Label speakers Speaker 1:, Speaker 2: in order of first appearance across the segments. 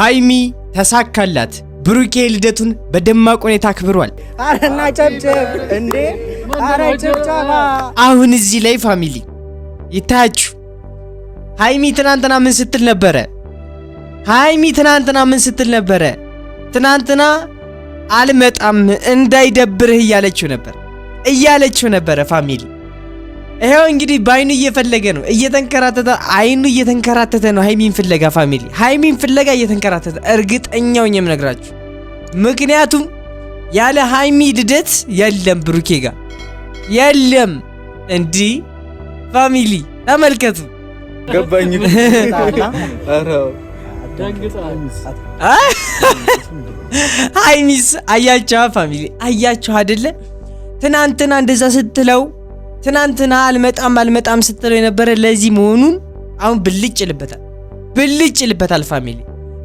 Speaker 1: ሀይሚ ተሳካላት። ብሩኬ ልደቱን በደማቅ ሁኔታ አክብሯል።
Speaker 2: አረና ጨብጨብ እንዴ! አረ ጭብጨባ!
Speaker 1: አሁን እዚህ ላይ ፋሚሊ ይታያችሁ። ሀይሚ ትናንትና ምን ስትል ነበረ? ሀይሚ ትናንትና ምን ስትል ነበረ? ትናንትና አልመጣም እንዳይደብርህ እያለችው ነበር እያለችው ነበረ ፋሚሊ ይሄው እንግዲህ በአይኑ እየፈለገ ነው፣ እየተንከራተተ አይኑ እየተንከራተተ ነው ሃይሚን ፍለጋ። ፋሚሊ ሃይሚን ፍለጋ እየተንከራተተ እርግጠኛው ነው የምነግራችሁ። ምክንያቱም ያለ ሃይሚ ልደት የለም ብሩኬ ጋር የለም። እንዲህ ፋሚሊ ተመልከቱ። ገባኝ ሃይሚስ አያቸዋ ፋሚሊ አያቸው አደለ? ትናንትና እንደዛ ስትለው ትናንትና አልመጣም አልመጣም ስትለው የነበረ ለዚህ መሆኑን አሁን ብልጭ ይልበታል፣ ብልጭ ይልበታል ፋሚሊ።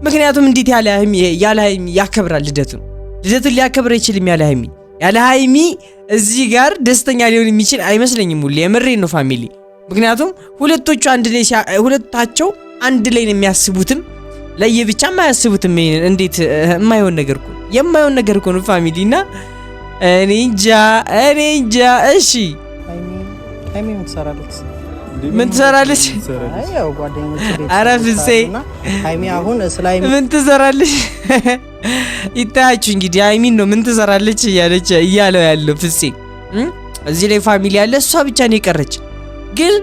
Speaker 1: ምክንያቱም እንዴት ያለ ሀይሚ ያለ ሀይሚ ያከብራል ልደቱን፣ ልደቱን ሊያከብር አይችልም ያለ ሀይሚ። ያለ ሀይሚ እዚህ ጋር ደስተኛ ሊሆን የሚችል አይመስለኝም። ሁሉ የምሬን ነው ፋሚሊ። ምክንያቱም ሁለቶቹ አንድ ላይ ሁለታቸው አንድ ላይ ነው የሚያስቡትም ለየብቻ የማያስቡትም። እንዴት የማይሆን ነገር እኮ የማይሆን ነገር እኮ ነው ፋሚሊ እና እኔ እንጃ እኔ እንጃ እሺ
Speaker 3: ሀይሚ ምን ትሰራለች?
Speaker 1: ምን ትሰራለች?
Speaker 3: ያው ጓደኞች
Speaker 1: ቤት ኧረ ፍሴ አሁን ስለ ምን ትሰራለች? ይታያችሁ እንግዲህ ሀይሚን ነው ምን ትሰራለች እያለች እያለው ያለው ፍሴ። እዚህ ላይ ፋሚሊ ያለ እሷ ብቻ ነው የቀረች። ግን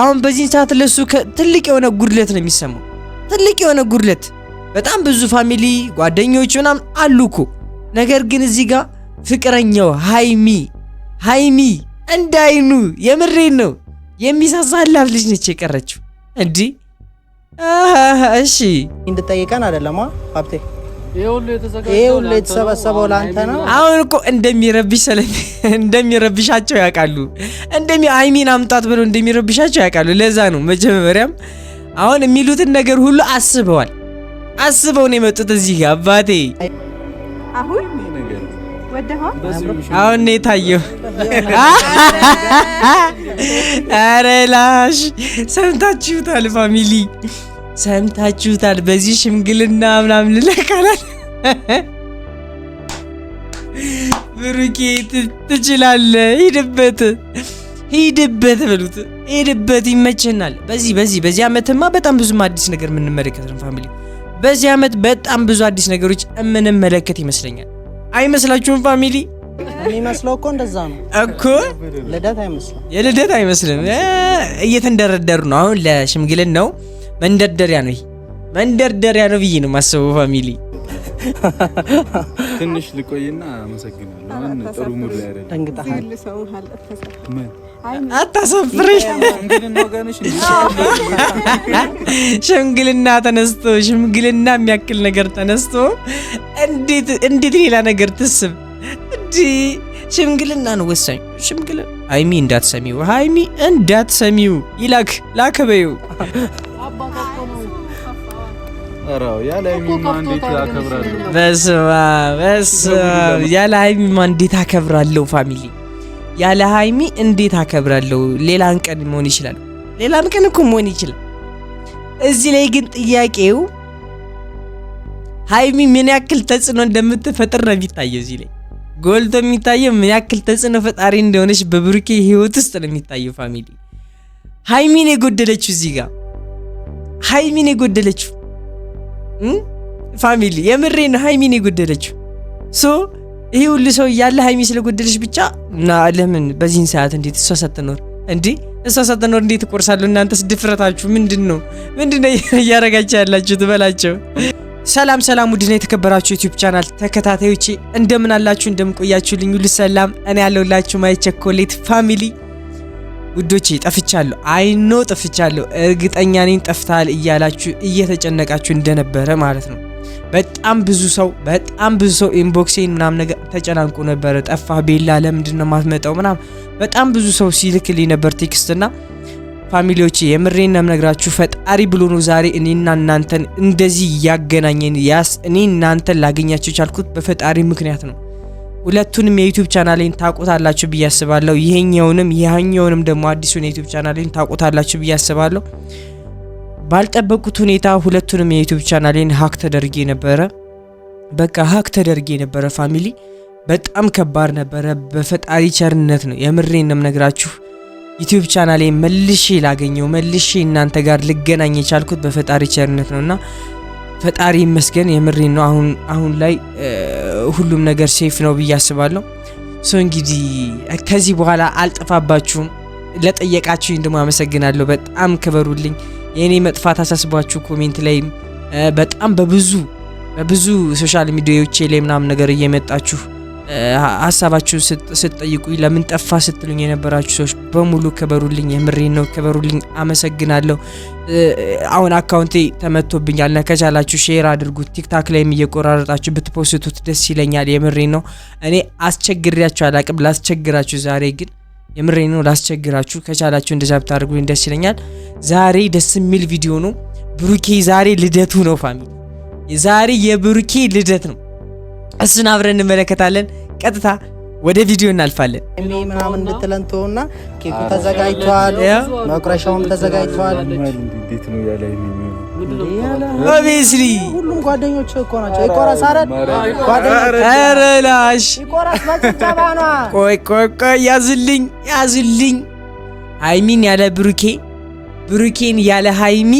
Speaker 1: አሁን በዚህ ሰዓት ለሱ ትልቅ የሆነ ጉድለት ነው የሚሰማው፣ ትልቅ የሆነ ጉድለት። በጣም ብዙ ፋሚሊ ጓደኞች ምናምን አሉ እኮ ነገር ግን እዚህ ጋር ፍቅረኛው ሀይሚ ሀይሚ እንዳይኑ የምሬን ነው። የሚሳሳላት ልጅ ነች የቀረችው። እንዲህ እሺ
Speaker 3: እንድጠይቀን አደለማ ሀብቴ
Speaker 2: ይህ
Speaker 3: ሁሉ የተሰበሰበው ለአንተ ነው።
Speaker 1: አሁን እኮ እንደሚረብሽ እንደሚረብሻቸው ያውቃሉ። እንደሚ አይሚን አምጣት ብለው እንደሚረብሻቸው ያውቃሉ። ለዛ ነው መጀመሪያም አሁን የሚሉትን ነገር ሁሉ አስበዋል። አስበው ነው የመጡት እዚህ ጋር አባቴ አሁን አሁን ነው የታየው ኧረ ላሽ ሰምታችሁታል፣ ፋሚሊ ሰምታችሁታል። በዚህ ሽምግልና ምናምን ልለካላል። ብሩኬ ትችላለህ፣ ሂድበት ሂድበት በሉት፣ ሂድበት ይመቸናል። በዚህ በዚህ በዚህ ዓመትማ በጣም ብዙም አዲስ ነገር የምንመለከት ነው ፋሚሊ። በዚህ ዓመት በጣም ብዙ አዲስ ነገሮች የምንመለከት ይመስለኛል። አይመስላችሁም ፋሚሊ?
Speaker 3: የሚመስለው እኮ እንደዛ ነው እኮ ልደት አይመስልም፣
Speaker 1: የልደት አይመስልም። እየተንደረደሩ ነው። አሁን ለሽምግልን ነው መንደርደሪያ ነው፣ መንደርደሪያ ነው ብዬ ነው የማስበው ፋሚሊ
Speaker 4: ትንሽ ልቆይና አመሰግናለሁ። ጥሩ ሙድ ላይ አይደለም።
Speaker 3: ደንግጠሃል። አታሳፍሪ።
Speaker 1: ሽምግልና ተነስቶ ሽምግልና የሚያክል ነገር ተነስቶ እንዴት እንዴት ሌላ ነገር ትስብ ሽምግልና ሽምግልናን ወሳኝ ሽምግል ሀይሚ እንዳትሰሚው ሀይሚ እንዳትሰሚው ይላክ ላከበዩ በስማ ያለ ሀይሚማ እንዴት አከብራለሁ ፋሚሊ ያለ ሀይሚ እንዴት አከብራለሁ። ሌላን ቀን መሆን ይችላል፣ ሌላን ቀን እኮ መሆን ይችላል። እዚህ ላይ ግን ጥያቄው ሀይሚ ምን ያክል ተጽዕኖ እንደምትፈጥር ነው የሚታየው እዚህ ላይ ጎልቶ የሚታየው ምን ያክል ተጽዕኖ ፈጣሪ እንደሆነች በብሩኬ ህይወት ውስጥ ነው የሚታየው። ፋሚሊ ሀይሚን የጎደለችው እዚህ ጋር ሀይሚን የጎደለችው ፋሚሊ የምሬ ነው። ሀይሚን የጎደለችው ሶ ይህ ሁሉ ሰው እያለ ሀይሚ ስለጎደለች ብቻ እና ለምን በዚህን ሰዓት እንዴት እሷ ሳትኖር እንዲህ እሷ ሳትኖር እንዴት ትቆርሳለሁ እናንተስ ድፍረታችሁ ምንድን ነው? ምንድን ነው እያረጋችሁ ያላችሁ ትበላቸው ሰላም ሰላም ውድና የተከበራችሁ ዩቲዩብ ቻናል ተከታታዮቼ እንደምን አላችሁ? እንደምን ቆያችሁልኝ? ሁሉ ሰላም እኔ ያለሁላችሁ። ማይ ቸኮሌት ፋሚሊ ውዶቼ ጠፍቻለሁ። አይኖ ጠፍቻለሁ፣ እርግጠኛ ነኝ ጠፍታል እያላችሁ እየተጨነቃችሁ እንደነበረ ማለት ነው። በጣም ብዙ ሰው በጣም ብዙ ሰው ኢንቦክሴን ምናምን ነገር ተጨናንቆ ነበረ። ጠፋ ቤላ ለምንድን ነው የማትመጣው ምናምን በጣም ብዙ ሰው ሲልክልኝ ነበር ቴክስትና ፋሚሊዎች የምሬን ነግራችሁ ፈጣሪ ብሎ ነው ዛሬ እኔና እናንተን እንደዚህ እያገናኘን ያስ እኔ እናንተን ላገኛችሁ ቻልኩት በፈጣሪ ምክንያት ነው። ሁለቱንም የዩቲዩብ ቻናሌን ታቆታላችሁ ብዬ አስባለሁ። ይሄኛውንም ያኛውንም ደግሞ አዲሱን የዩቲዩብ ቻናሌን ታቆታላችሁ ብዬ አስባለሁ። ባልጠበቁት ሁኔታ ሁለቱንም የዩቲዩብ ቻናሌን ሀክ ተደርጌ ነበረ። በቃ ሀክ ተደርጌ ነበረ ፋሚሊ። በጣም ከባድ ነበረ። በፈጣሪ ቸርነት ነው የምሬን ነው የምነግራችሁ ዩቲዩብ ቻናሌ መልሼ ላገኘው መልሼ እናንተ ጋር ልገናኝ የቻልኩት በፈጣሪ ቸርነት ነውና ፈጣሪ ይመስገን። የምሬን ነው። አሁን አሁን ላይ ሁሉም ነገር ሴፍ ነው ብዬ አስባለሁ። ሶ እንግዲህ ከዚህ በኋላ አልጠፋባችሁም። ለጠየቃችሁኝ ደግሞ አመሰግናለሁ። በጣም ክበሩልኝ። የእኔ መጥፋት አሳስቧችሁ ኮሜንት ላይ በጣም በብዙ በብዙ ሶሻል ሚዲያዎቼ ላይ ምናምን ነገር እየመጣችሁ ሀሳባችሁ ስትጠይቁኝ ለምን ጠፋ ስትሉኝ የነበራችሁ ሰዎች በሙሉ ክበሩልኝ። የምሬን ነው፣ ክበሩልኝ። አመሰግናለሁ። አሁን አካውንቴ ተመቶብኛል። ከቻላችሁ ሼር አድርጉት። ቲክታክ ላይም እየቆራረጣችሁ ብትፖስቱት ደስ ይለኛል። የምሬን ነው። እኔ አስቸግሬያችሁ አላቅም። ላስቸግራችሁ ዛሬ ግን የምሬ ነው፣ ላስቸግራችሁ። ከቻላችሁ እንደዛ ብታደርጉልኝ ደስ ይለኛል። ዛሬ ደስ የሚል ቪዲዮ ነው። ብሩኬ ዛሬ ልደቱ ነው ፋሚ ዛሬ የብሩኬ ልደት ነው። እሱን አብረን እንመለከታለን። ቀጥታ ወደ ቪዲዮ እናልፋለን።
Speaker 3: እኔ ምናምን እንድትለን ትሆና ኬኩ ተዘጋጅቷል፣ መቁረሻውም ተዘጋጅቷል። ኦቤስሊ ሁሉም ጓደኞች እኮ ናቸው። ይቆረስ አረድ
Speaker 1: ጓደኞች ቆይ ቆይ ቆይ ያዝልኝ ያዝልኝ። ሀይሚን ያለ ብሩኬ ብሩኬን ያለ ሀይሚ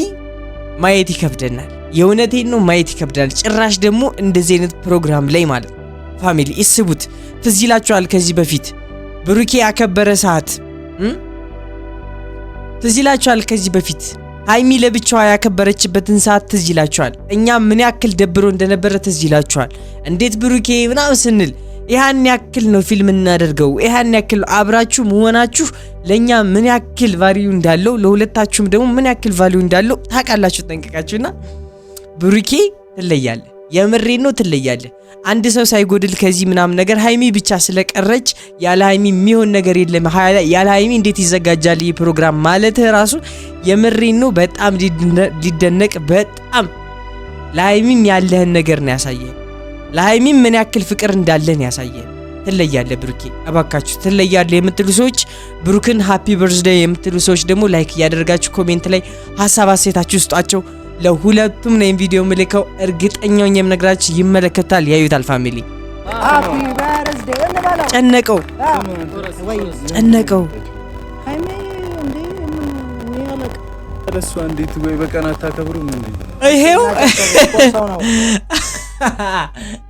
Speaker 1: ማየት ይከብደናል። የእውነቴን ነው ማየት ይከብደናል። ጭራሽ ደግሞ እንደዚህ አይነት ፕሮግራም ላይ ማለት ነው። ፋሚሊ እስቡት። ትዝ ይላችኋል ከዚህ በፊት ብሩኬ ያከበረ ሰዓት ትዝ ይላችኋል። ከዚህ በፊት ሀይሚ ለብቻዋ ያከበረችበትን ሰዓት ትዝ ይላችኋል። እኛ ምን ያክል ደብሮ እንደነበረ ትዝ ይላችኋል። እንዴት ብሩኬ ምናምን ስንል ይህን ያክል ነው ፊልም እናደርገው፣ ይህን ያክል አብራችሁ መሆናችሁ ለእኛ ምን ያክል ቫሊዩ እንዳለው፣ ለሁለታችሁም ደግሞ ምን ያክል ቫሊዩ እንዳለው ታውቃላችሁ ጠንቅቃችሁና ብሩኬ ትለያለ የምሬን ነው ትለያለ። አንድ ሰው ሳይጎድል ከዚህ ምናምን ነገር ሀይሚ ብቻ ስለቀረች ያለ ሀይሚ የሚሆን ነገር የለም። ያለ ሀይሚ እንዴት ይዘጋጃል ይህ ፕሮግራም ማለት ራሱ የምሬን ነው። በጣም ሊደነቅ በጣም ለሀይሚም ያለህን ነገር ነው ያሳየ። ለሀይሚም ምን ያክል ፍቅር እንዳለን ያሳየ። ትለያለ ብሩኬ፣ እባካችሁ ትለያለ የምትሉ ሰዎች ብሩክን ሃፒ በርዝደይ የምትሉ ሰዎች ደግሞ ላይክ እያደረጋችሁ ኮሜንት ላይ ሀሳብ አሴታችሁ ስጧቸው። ለሁለቱም ነው ቪዲዮ ምልከው። እርግጠኛውን የምነግራችሁ ይመለከታል፣ ያዩታል። ፋሚሊ ጨነቀው ጨነቀው
Speaker 4: እሷ እንዴት ወይ በቀን አታከብሩም?
Speaker 1: ይሄው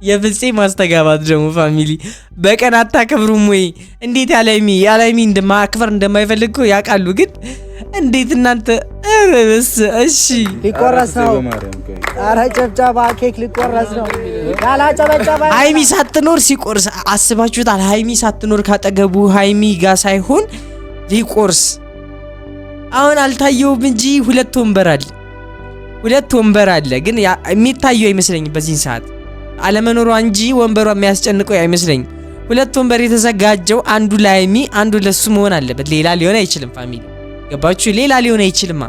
Speaker 1: የፍፄ ማስተጋባት ደግሞ ፋሚሊ በቀን አታከብሩም ወይ? እንዴት ያለሚ ያለሚ እንደማክበር እንደማይፈልግ ያውቃሉ፣ ግን እንዴት እናንተ ኧረ በስመ እሺ
Speaker 3: ሊቆረስ ነው። ኧረ ጨብጨባ ኬክ ሊቆረስ ነው።
Speaker 1: ያላጨበጨባ ሀይሚ ሳትኖር ሲቆርስ አስባችሁታል? ሀይሚ ሳትኖር ካጠገቡ ሀይሚ ጋር ሳይሆን ሊቆርስ አሁን አልታየውም እንጂ ሁለት ወንበር አለ፣ ሁለት ወንበር አለ። ግን የሚታየው አይመስለኝ በዚህን ሰዓት አለመኖሯ እንጂ ወንበሯ የሚያስጨንቀው አይመስለኝ። ሁለት ወንበር የተዘጋጀው አንዱ ለሀይሚ አንዱ ለሱ መሆን አለበት። ሌላ ሊሆን አይችልም ፋሚሊ ገባችሁ? ሌላ ሊሆን አይችልማ።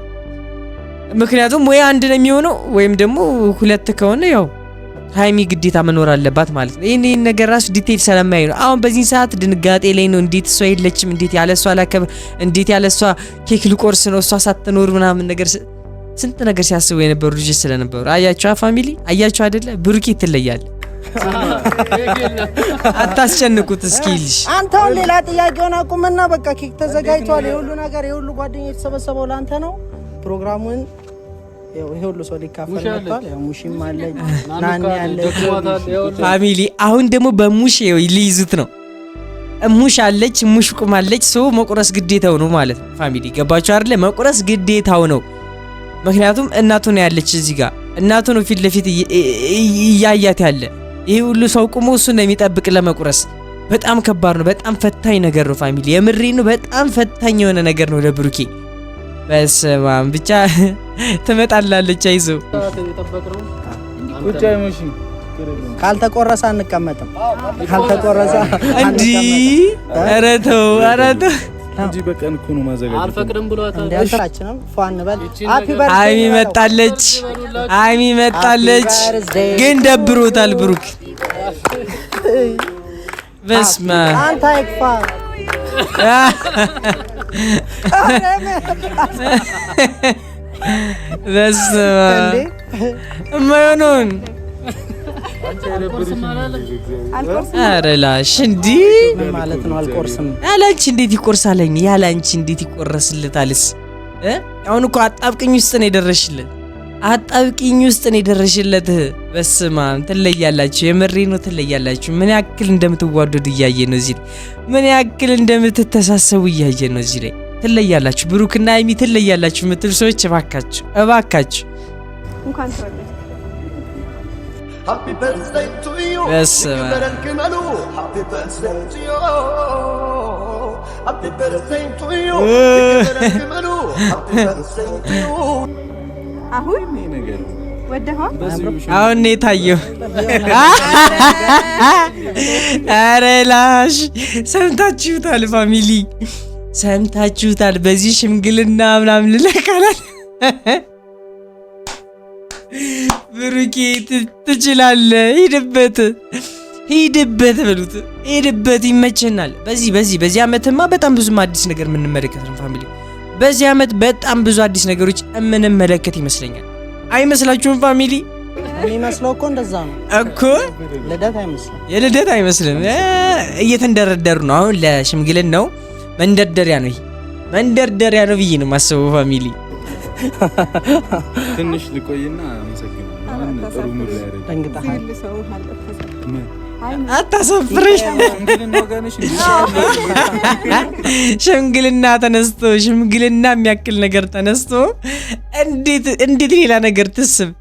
Speaker 1: ምክንያቱም ወይ አንድ ነው የሚሆነው ወይም ደግሞ ሁለት ከሆነ ያው ሀይሚ ግዴታ መኖር አለባት ማለት ነው። ይህን ነገር ራሱ ዲቴል ስለማያይ ነው። አሁን በዚህ ሰዓት ድንጋጤ ላይ ነው። እንዴት እሷ የለችም? እንዴት ያለ እሷ ላከብር? እንዴት ያለ እሷ ኬክ ልቆርስ ነው? እሷ ሳትኖር ምናምን ነገር ስንት ነገር ሲያስቡ የነበሩ ልጆች ስለነበሩ አያቸዋ ፋሚሊ አያቸዋ አይደለ ብሩኬ ትለያለ አታስጨንቁት። እስኪ ልሽ
Speaker 3: አንተውን ሌላ ጥያቄውን አቁምና በቃ ኬክ ተዘጋጅቷል። የሁሉ ነገር የሁሉ ጓደኛ የተሰበሰበው ለአንተ ነው። ፕሮግራሙን የሁሉ ሰው ሊካፈል መጥቷል። ሙሽም አለች፣ ናኒ አለች፣
Speaker 1: ፋሚሊ አሁን ደግሞ በሙሽ ሊይዙት ነው። ሙሽ አለች፣ ሙሽ ቁማለች። ሰው መቁረስ ግዴታው ነው ማለት ነው። ፋሚሊ ገባችሁ አይደለ? መቁረስ ግዴታው ነው። ምክንያቱም እናቱ ነው ያለች እዚህ ጋር እናቱ ነው ፊት ለፊት እያያት ያለ ይህ ሁሉ ሰው ቁሞ እሱን ነው የሚጠብቅ ለመቁረስ። በጣም ከባድ ነው። በጣም ፈታኝ ነገር ነው ፋሚሊ። የምሬ ነው። በጣም ፈታኝ የሆነ ነገር ነው ለብሩኬ። በስመ አብ ብቻ ትመጣላለች። አይዞ
Speaker 3: ካልተቆረሰ አንቀመጥም። ካልተቆረሰ
Speaker 1: እንዲህ ኧረ ተው ኧረ ተው
Speaker 4: እንጂ በቀን እኮ ነው ማዘጋጀት።
Speaker 3: አልፈቅድም ብሏታል። አልሰራችንም። ፏን በል አይሚ
Speaker 1: መጣለች፣ አይሚ መጣለች። ግን ደብሮታል ብሩክ። በስመ አንተ አይክፋ በስመ አረላሽ እንዲህ
Speaker 3: ማለት ነው። አልቆርስም
Speaker 1: ያላንቺ እንዴት ይቆርሳለኝ? ያላንቺ እንዴት ይቆረስልታልስ? አሁን እኮ አጣብቅኝ ውስጥ ነው የደረሽለት። አጣብቅኝ ውስጥ ነው የደረሽለት። በስማ ትለያላችሁ። የምሬ ነው ትለያላችሁ። ምን ያክል እንደምትዋደዱ እያየ ነው እዚህ ላይ። ምን ያክል እንደምትተሳሰቡ እያየ ነው እዚህ ላይ። ትለያላችሁ። ብሩክና ሀይሚ ትለያላችሁ የምትሉ ሰዎች እባካችሁ እባካችሁ እንኳን
Speaker 5: አሁን
Speaker 1: የታየው። አረ ላሽ ሰምታችሁታል፣ ፋሚሊ ሰምታችሁታል። በዚህ ሽምግልና ምናምን ልለካላል ብሩኬ ትችላለ ሂድበት ሂድበት በሉት። ሂድበት ይመቸናል። በዚህ በዚህ በዚህ አመትማ በጣም ብዙም አዲስ ነገር የምንመለከት ነው ፋሚሊ። በዚህ አመት በጣም ብዙ አዲስ ነገሮች የምንመለከት ይመስለኛል። አይመስላችሁም ፋሚሊ?
Speaker 3: የሚመስለው እኮ እንደዛ ነው እኮ ልደት አይመስልም፣
Speaker 1: የልደት አይመስልም። እየተንደረደሩ ነው አሁን። ለሽምግልን ነው መንደርደሪያ ነው መንደርደሪያ ነው ብዬ ነው ማሰቡ ፋሚሊ።
Speaker 4: ትንሽ ልቆይና
Speaker 1: አታሳፍርሽ። ሽምግልና ተነስቶ ሽምግልና የሚያክል ነገር ተነስቶ እንዴት ሌላ ነገር ትስብ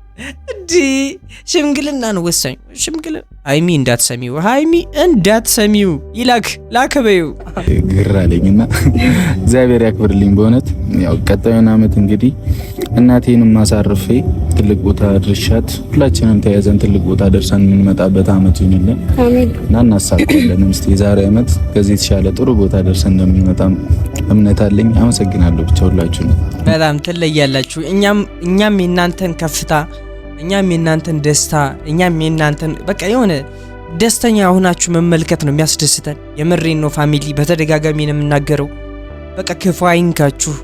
Speaker 1: እንዲህ ሽምግልና ነው ወሳኝ ሽምግልና ሀይሚ እንዳትሰሚው ሀይሚ እንዳትሰሚው ይላክ ላከበዩ
Speaker 4: በይው። ግራ አለኝና እግዚአብሔር ያክብርልኝ በእውነት ያው ቀጣዩን አመት እንግዲህ እናቴንም ማሳርፌ ትልቅ ቦታ ድርሻት ሁላችንም ተያዘን ትልቅ ቦታ ደርሰን የምንመጣበት አመት ይሁንልን እና እናሳካለን። ምስ የዛሬ አመት ከዚህ የተሻለ ጥሩ ቦታ ደርሰን እንደምንመጣም እምነት አለኝ። አመሰግናለሁ ብቻ ሁላችሁ ነው
Speaker 1: በጣም ትለያላችሁ። እኛም እኛም የእናንተን ከፍታ እኛም የእናንተን ደስታ እኛም የእናንተን በቃ የሆነ ደስተኛ ሆናችሁ መመልከት ነው የሚያስደስተን። የምሬን ነው ፋሚሊ፣ በተደጋጋሚ ነው የምናገረው። በቃ ክፉ አይንካችሁ፣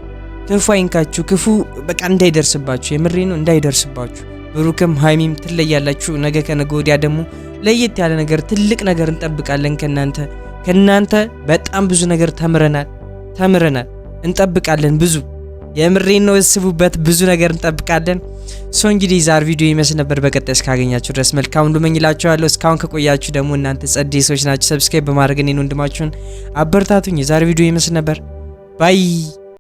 Speaker 1: ክፉ አይንካችሁ፣ ክፉ በቃ እንዳይደርስባችሁ። የምሬ ነው እንዳይደርስባችሁ። ብሩክም ሀይሚም ትለያላችሁ። ነገ ከነገ ወዲያ ደግሞ ለየት ያለ ነገር ትልቅ ነገር እንጠብቃለን ከናንተ ከእናንተ በጣም ብዙ ነገር ተምረናል ተምረናል፣ እንጠብቃለን ብዙ የምሬን ነው። እስቡበት። ብዙ ነገር እንጠብቃለን። ሶ እንግዲህ ዛር ቪዲዮ ይመስል ነበር። በቀጣይ እስካገኛችሁ ድረስ መልካም ሁሉ መኝላችኋለሁ። እስካሁን ከቆያችሁ ደግሞ እናንተ ጸደይ ሰዎች ናችሁ። ሰብስክራይብ በማድረግ እኔን ወንድማችሁን አበርታቱኝ። ዛር ቪዲዮ ይመስል ነበር። ባይ